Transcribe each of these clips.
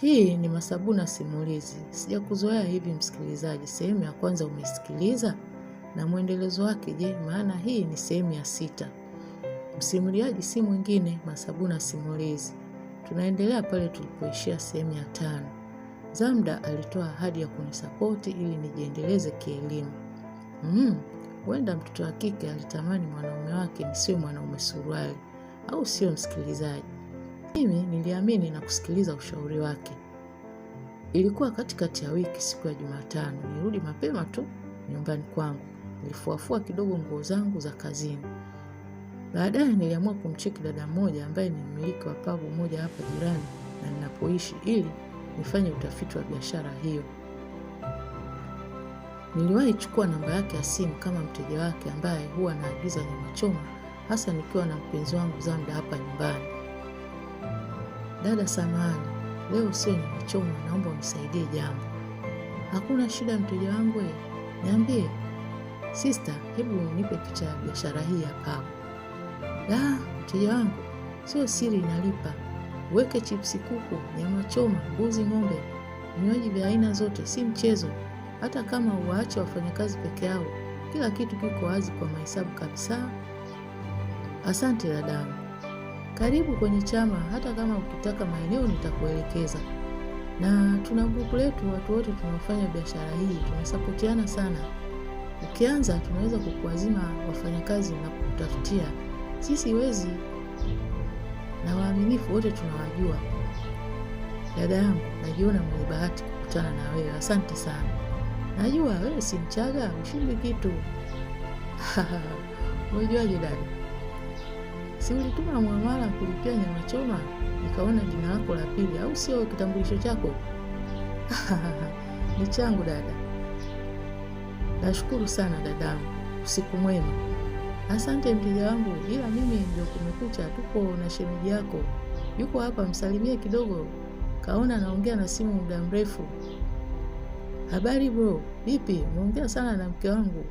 Hii ni Masabuna Simulizi. Sijakuzoea hivi msikilizaji. Sehemu ya kwanza umeisikiliza na mwendelezo wake je? Maana hii ni sehemu ya sita. Msimuliaji si mwingine Masabuna Simulizi. Tunaendelea pale tulipoishia sehemu ya tano. Zamda alitoa ahadi ya kunisapoti ili nijiendeleze kielimu. Mm, huenda mtoto wa kike alitamani mwanaume wake nisiwe mwanaume suruali, au sio msikilizaji? Mimi niliamini na kusikiliza ushauri wake. Ilikuwa katikati ya wiki, siku ya Jumatano, nirudi mapema tu nyumbani kwangu. Nilifuafua kidogo nguo zangu za kazini. Baadaye niliamua kumcheki dada mmoja ambaye ni mmiliki wa pavu moja hapa jirani na ninapoishi, ili nifanye utafiti wa biashara hiyo. Niliwahi chukua namba yake ya simu kama mteja wake ambaye huwa naagiza nyama choma, hasa nikiwa na mpenzi wangu Zamda hapa nyumbani. Dada samani leo sio nimechoma, naomba unisaidie jambo. Hakuna shida, mteja wangu, niambie. Sista, hebu nipe picha ya biashara hii hapa. Da, mteja wangu, sio siri, inalipa. Weke chipsi, kuku, nyama choma, mbuzi, ng'ombe, vinywaji vya aina zote, si mchezo. Hata kama uwaache wafanyakazi peke yao, kila kitu kiko wazi kwa mahesabu kabisa. Asante dadangu. Karibu kwenye chama, hata kama ukitaka maeneo nitakuelekeza. Na tuna grupu letu, watu wote tunaofanya biashara hii tunasapotiana sana. Ukianza tunaweza kukuazima wafanyakazi na kukutafutia. Sisi wezi na waaminifu wote tunawajua. Dada yangu, najiona mwenye bahati kukutana na wewe. Asante sana. Najua wewe si Mchaga, ushindi kitu. Umejuaje dada? si ulituma mwamala kulipia nyama choma, nikaona jina lako la pili, au sio? Kitambulisho chako ni changu dada. Nashukuru sana dadangu, usiku mwema. Asante mteja wangu, ila mimi ndio kumekucha, tuko na shemeji yako yuko hapa, msalimie kidogo, kaona naongea na simu muda mrefu. Habari bro, vipi? Umeongea sana na mke wangu?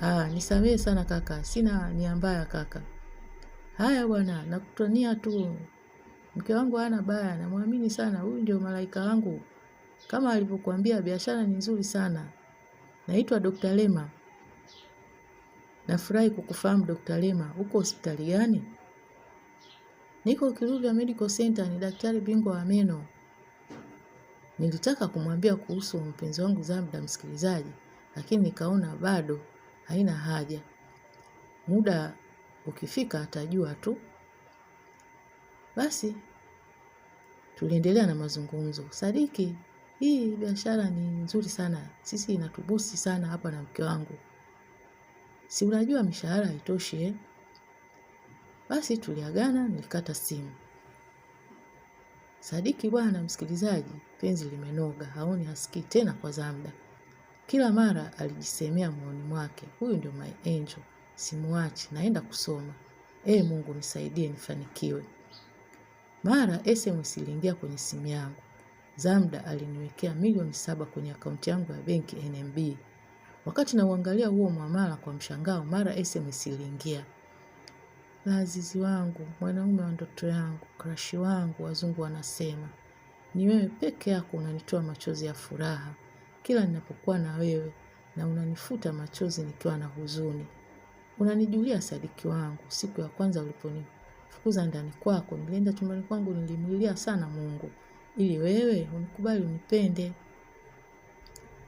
Ah, nisamehe sana kaka, sina nia mbaya kaka haya bwana, nakutania tu, mke wangu hana baya, namwamini sana, huyu ndio malaika wangu. Kama alivyokuambia biashara ni nzuri sana. Naitwa Dr. Lema. Nafurahi kukufahamu Dr. Lema. Uko hospitali gani? Niko Kirurya Medical Center, ni daktari bingwa wa meno. Nilitaka kumwambia kuhusu mpenzi wangu Zamda, msikilizaji, lakini nikaona bado haina haja muda Ukifika atajua tu. Basi tuliendelea na mazungumzo. Sadiki, hii biashara ni nzuri sana, sisi inatubusi sana hapa na mke wangu, si unajua mishahara haitoshi eh? Basi tuliagana, nilikata simu. Sadiki bwana msikilizaji, penzi limenoga, haoni hasikii tena kwa Zamda. Kila mara alijisemea moyoni mwake, huyu ndio my angel. Simuachi, naenda kusoma. Ee Mungu nisaidie nifanikiwe. Mara SMS iliingia kwenye simu yangu. Zamda aliniwekea milioni saba kwenye akaunti yangu ya benki NMB. Wakati nauangalia huo mwamala kwa mshangao, mara SMS iliingia. lazizi wangu, mwanaume wa ndoto yangu, krashi wangu, wazungu wanasema. Ni wewe peke yako unanitoa machozi ya furaha. Kila ninapokuwa na wewe na unanifuta machozi nikiwa na huzuni. Unanijulia sadiki wangu, siku ya kwanza uliponifukuza ndani kwako, nilienda chumbani kwangu, nilimlilia sana Mungu ili wewe unikubali, unipende,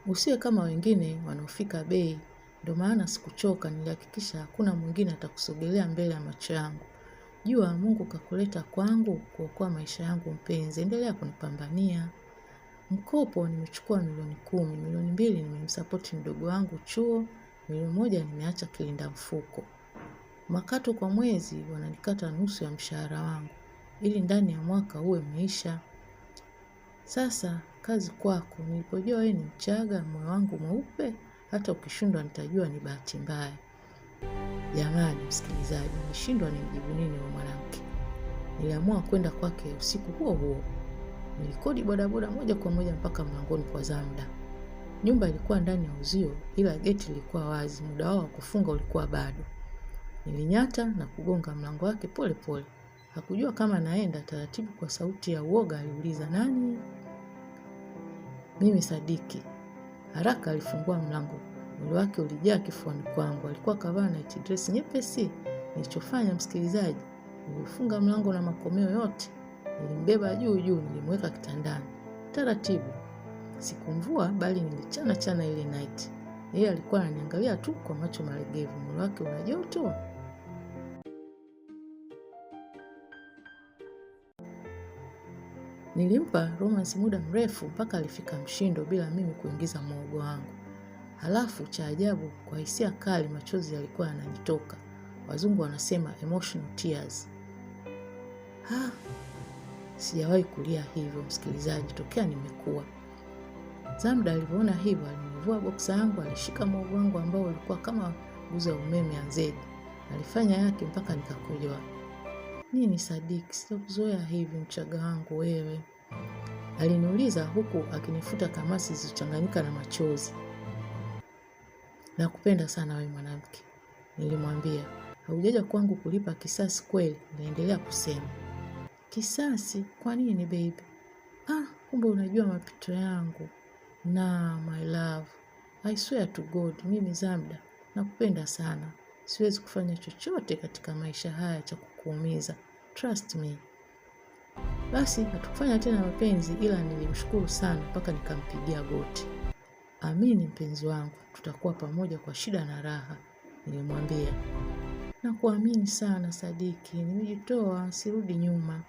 usiwe kama wengine wanaofika bei. Ndio maana sikuchoka, nilihakikisha hakuna mwingine atakusogelea mbele ya macho yangu. Jua Mungu kakuleta kwangu kuokoa maisha yangu. Mpenzi, endelea kunipambania. Mkopo nimechukua milioni kumi, milioni mbili nimemsapoti mdogo wangu chuo milioni moja nimeacha kilinda mfuko. Makato kwa mwezi wananikata nusu ya mshahara wangu ili ndani ya mwaka uwe umeisha. Sasa kazi kwako. Nilipojua wewe ni Mchaga, moyo wangu mweupe, hata ukishindwa nitajua ni bahati mbaya. Jamani msikilizaji, nishindwa ni mjibu nini wa mwanamke. Niliamua kwenda kwake usiku huo huo. Nilikodi bodaboda moja kwa moja mpaka mlangoni kwa Zamda. Nyumba ilikuwa ndani ya uzio, ila geti lilikuwa wazi. Muda wao wa kufunga ulikuwa bado. Nilinyata na kugonga mlango wake pole pole. Hakujua kama naenda taratibu. Kwa sauti ya uoga aliuliza, nani? Mimi Sadiki. Haraka alifungua mlango. Mwili wake ulijaa kifuani kwangu. Alikuwa kavaa night dress nyepesi. Nilichofanya msikilizaji, nilifunga mlango na makomeo yote, nilimbeba juu juu, nilimweka kitandani taratibu. Sikumvua bali nilichana chana ile night. Yeye alikuwa ananiangalia tu kwa macho maregevu mwili wake una joto. Nilimpa Romance muda mrefu mpaka alifika mshindo bila mimi kuingiza mwogo wangu. Halafu cha ajabu, kwa hisia kali, machozi yalikuwa yananitoka. Wazungu wanasema emotional tears. Ha, ah, sijawahi kulia hivyo msikilizaji, tokea nimekuwa Zamda alivyoona hivyo, alinivua boksa yangu, alishika mwogo wangu ambao ulikuwa kama guza umeme azedi. Alifanya yake mpaka nikakojoa. Nini Sadiki, sikuzoea hivi mchaga wangu wewe, aliniuliza huku akinifuta kamasi zilizochanganyika na machozi. Nakupenda sana wewe mwanamke, nilimwambia. Haujaja kwangu kulipa kisasi kweli? Niliendelea kusema. Kisasi kwa nini baby? Ah, kumbe unajua mapito yangu. Na my love, I swear to God, mimi Zamda nakupenda sana. Siwezi kufanya chochote katika maisha haya cha kukuumiza. Trust me. Basi hatukufanya tena mapenzi, ila nilimshukuru sana mpaka nikampigia goti. Amini mpenzi wangu, tutakuwa pamoja kwa shida na raha, nilimwambia. Nakuamini sana Sadiki, nimejitoa, sirudi nyuma.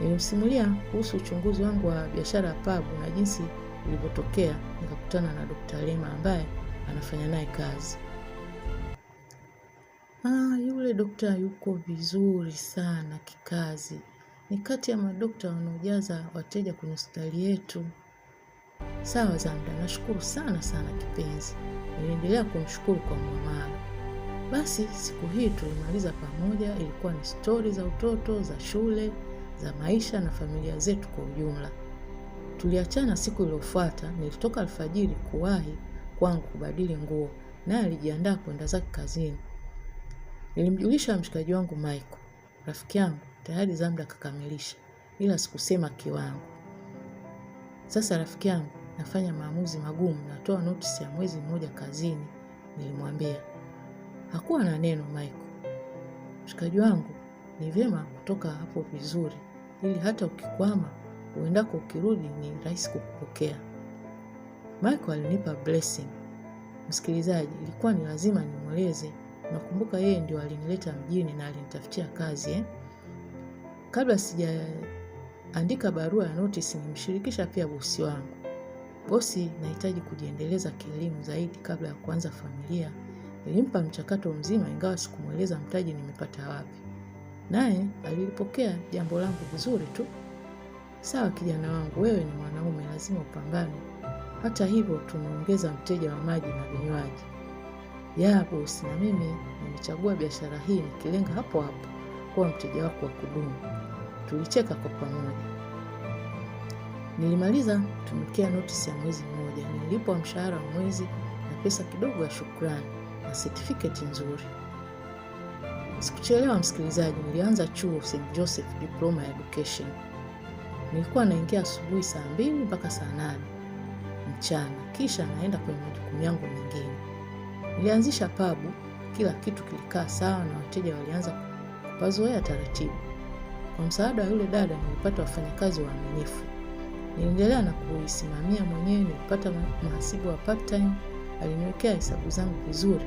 Nilimsimulia kuhusu uchunguzi wangu wa biashara ya pabu na jinsi ilivyotokea nikakutana na Dokta Lema ambaye anafanya naye kazi. Ah, yule dokta yuko vizuri sana kikazi, ni kati ya madokta wanaojaza wateja kwenye hospitali yetu. Sawa Zamda, nashukuru sana sana kipenzi. Niliendelea kumshukuru kwa muamala. Basi siku hii tulimaliza pamoja, ilikuwa ni stori za utoto, za shule, za maisha na familia zetu kwa ujumla. Tuliachana siku iliyofuata, nilitoka alfajiri kuwahi kwangu kubadili nguo, naye alijiandaa kwenda zake kazini. Nilimjulisha mshikaji wangu Michael, rafiki yangu tayari Zamda kakamilisha, ila sikusema kiwango. Sasa rafiki yangu nafanya maamuzi magumu, natoa notisi ya mwezi mmoja kazini, nilimwambia. Hakuwa na neno Michael. Mshikaji wangu, ni vyema kutoka hapo vizuri, ili hata ukikwama uendako ukirudi ni rahisi kukupokea. mik alinipa blessing. Msikilizaji, ilikuwa ni lazima nimweleze. Nakumbuka yeye ndio alinileta mjini na alinitafutia kazi eh? Kabla sijaandika barua ya notice, nimshirikisha pia bosi wangu. Bosi, nahitaji kujiendeleza kielimu zaidi kabla ya kuanza familia. ilimpa mchakato mzima, ingawa sikumweleza mtaji nimepata wapi. Naye alilipokea jambo langu vizuri tu. Sawa kijana wangu, wewe ni mwanaume, lazima upambane. Hata hivyo, tumeongeza mteja wa maji na vinywaji. Ya bosi, na mimi nimechagua biashara hii nikilenga hapo hapo kuwa mteja wako wa kudumu. Tulicheka kwa pamoja. Nilimaliza tumekea notisi ya mwezi mmoja, nililipwa mshahara wa mwezi na pesa kidogo ya shukrani na certificate nzuri. Sikuchelewa msikilizaji, nilianza chuo St. Joseph Diploma Education. Nilikuwa naingia asubuhi saa mbili mpaka saa nane mchana, kisha naenda kwenye majukumu yangu mengine. Nilianzisha pabu, kila kitu kilikaa sawa na wateja walianza kupazoea taratibu. Kwa msaada wa yule dada nilipata wafanyakazi waaminifu. Niliendelea na kuisimamia mwenyewe. Nilipata mhasibu wa part-time, aliniwekea hesabu zangu vizuri.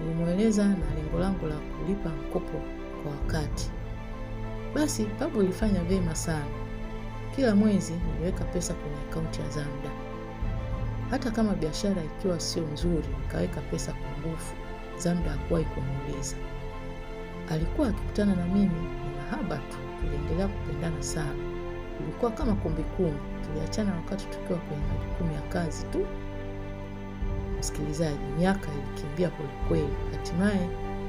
Nilimweleza na lengo langu la kulipa mkopo kwa wakati. Basi pabu ilifanya vyema sana. Kila mwezi niliweka pesa kwenye akaunti ya Zamda, hata kama biashara ikiwa sio nzuri, nikaweka pesa kwa nguvu. Zamda hakuwahi kumuuliza. Alikuwa akikutana na mimi ni mahaba tu, tuliendelea kupendana sana. ilikuwa kama kumbi kumi, tuliachana wakati tukiwa kwenye majukumu ya kazi tu. Msikilizaji, miaka ilikimbia kwelikweli. Hatimaye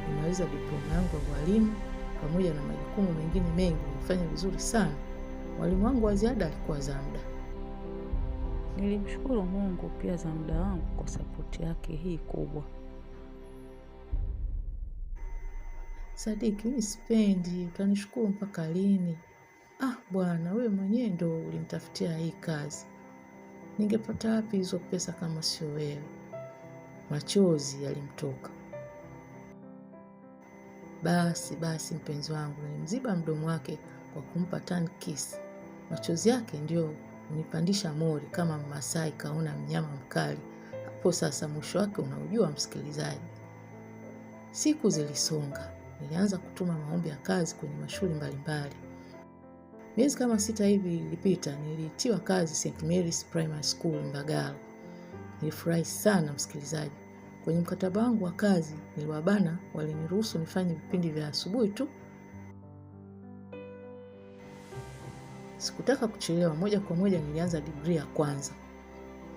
nimemaliza diploma yangu ya ualimu pamoja na majukumu mengine mengi, nilifanya vizuri sana. Mwalimu wangu wa ziada alikuwa Zamda. Nilimshukuru Mungu pia Zamda wangu kwa sapoti yake hii kubwa. Sadiki, mi sipendi, utanishukuru mpaka lini? Ah bwana, wewe mwenyewe ndo ulimtafutia hii kazi, ningepata wapi hizo pesa kama sio wewe? Machozi yalimtoka. Basi basi, mpenzi wangu, nilimziba mdomo wake kwa kumpa tan kiss Machozi yake ndio unipandisha mori kama Mmasai kaona mnyama mkali. Hapo sasa mwisho wake unaojua msikilizaji. Siku zilisonga, nilianza kutuma maombi ya kazi kwenye mashule mbalimbali. Miezi kama sita hivi ilipita, niliitiwa kazi St Mary's Primary School Mbagala. Nilifurahi sana msikilizaji. Kwenye mkataba wangu wa kazi niliwabana, waliniruhusu nifanye vipindi vya asubuhi tu Sikutaka kuchelewa, moja kwa moja nilianza digrii ya kwanza.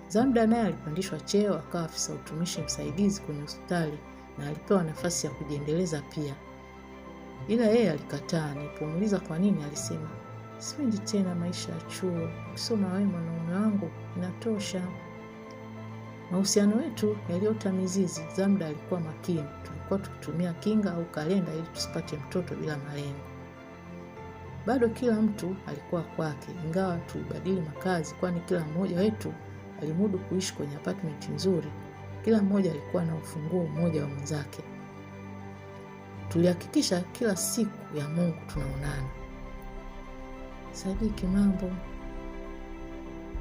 Zamda naye alipandishwa cheo akawa afisa utumishi msaidizi kwenye hospitali na alipewa nafasi ya kujiendeleza pia, ila yeye alikataa. Nilipomuuliza kwa nini, alisema sipendi tena maisha ya chuo, kusoma wewe mwanaume wangu inatosha. Mahusiano yetu yaliota mizizi. Zamda alikuwa makini, tulikuwa tukitumia kinga au kalenda ili tusipate mtoto bila malengo. Bado kila mtu alikuwa kwake, ingawa tulibadili makazi, kwani kila mmoja wetu alimudu kuishi kwenye apartment nzuri. Kila mmoja alikuwa na ufunguo mmoja wa mwenzake. Tulihakikisha kila siku ya Mungu tunaonana. Sadiki, mambo.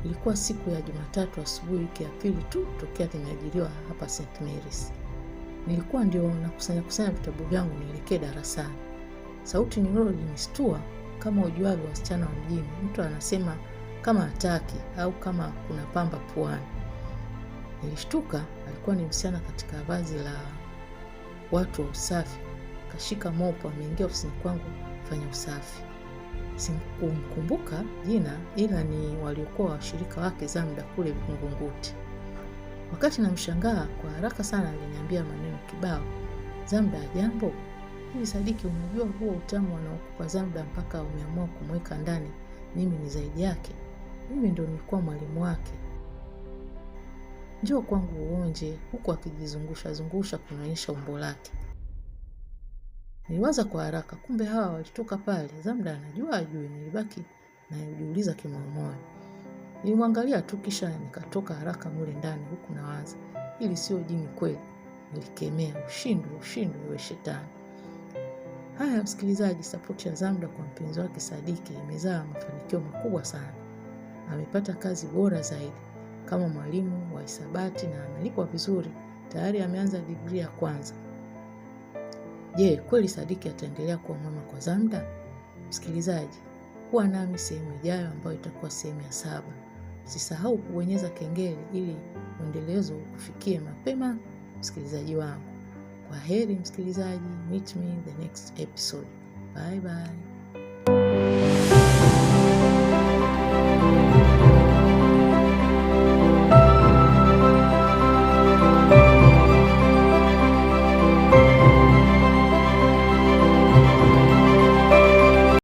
Ilikuwa siku ya Jumatatu asubuhi, wiki ya pili tu tokea nimeajiriwa hapa St Mary's. Nilikuwa ndio nakusanya kusanya vitabu vyangu nielekee darasani. Sauti nyororo ilinistua. Kama ujuavyo, wasichana wa mjini, mtu anasema kama hataki au kama kuna pamba puani. Nilishtuka, alikuwa ni msichana katika vazi la watu wa usafi, kashika mopo, ameingia ofisini kwangu fanya usafi. Sikumkumbuka jina, ila ni waliokuwa washirika wake zamda kule Vingunguti. Wakati namshangaa, kwa haraka sana aliniambia maneno kibao. Zamda, jambo hivi Sadiki, unajua huo utamu anaokupa zamda mpaka umeamua kumweka ndani? Mimi ni zaidi yake, mimi ndo nilikuwa mwalimu wake. Njoo kwangu uonje, huku akijizungusha zungusha kunaonyesha umbo lake. Niliwaza kwa haraka, kumbe hawa walitoka pale. Zamda anajua ajui? Nilibaki najiuliza kimoyomoyo. Nilimwangalia tu, kisha nikatoka haraka mule ndani, huku nawaza, ili sio jini kweli. Nilikemea, ushindwe, ushindwe we shetani! Haya msikilizaji, sapoti ya Zamda kwa mpenzi wake Sadiki imezaa mafanikio makubwa sana. Amepata kazi bora zaidi kama mwalimu wa hisabati na amelipwa vizuri. Tayari ameanza digrii ya kwanza. Je, kweli Sadiki ataendelea kuwa mwema kwa Zamda? Msikilizaji, kuwa nami sehemu ijayo ambayo itakuwa sehemu ya saba. Usisahau kubonyeza kengele ili mwendelezo ufikie mapema, msikilizaji wangu. Kwa heri msikilizaji, meet me the next episode. Bye bye.